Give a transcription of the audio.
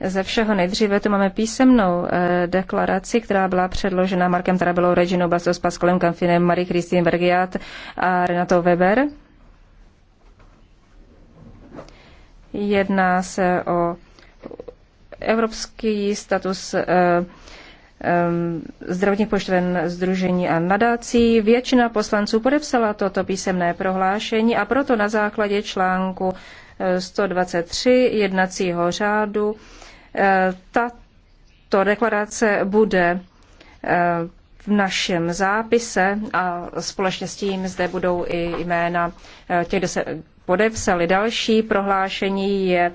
Ze všeho nejdříve tu máme písemnou eh, deklaraci, která byla předložena Markem Tarabelou, Reginou Basos, Paskolem Kanfinem, Marie Christine Bergiat a Renato Weber. Jedná se o evropský status eh, zdravotních pojišťoven združení a nadací. Většina poslanců podepsala toto písemné prohlášení a proto na základě článku 123 eh, jednacího řádu eh, tato deklarace bude eh, v našem zápise a společně s tím zde budou i jména těch, kdo se podepsali. Další prohlášení je